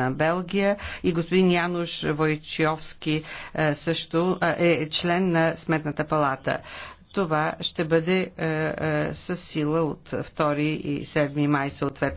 на Белгия и господин Януш Войчиовски е, също е, е член на Сметната палата. Това ще бъде е, със сила от 2 и 7 май съответно.